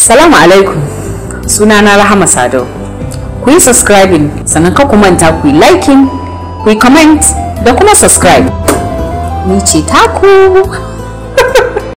Salamu alaikum suna na Rahama Sadau. Ku yi subscribing sannan ka manta ku yi liking, ku yi comment da kuma subscribe. Ni ce taku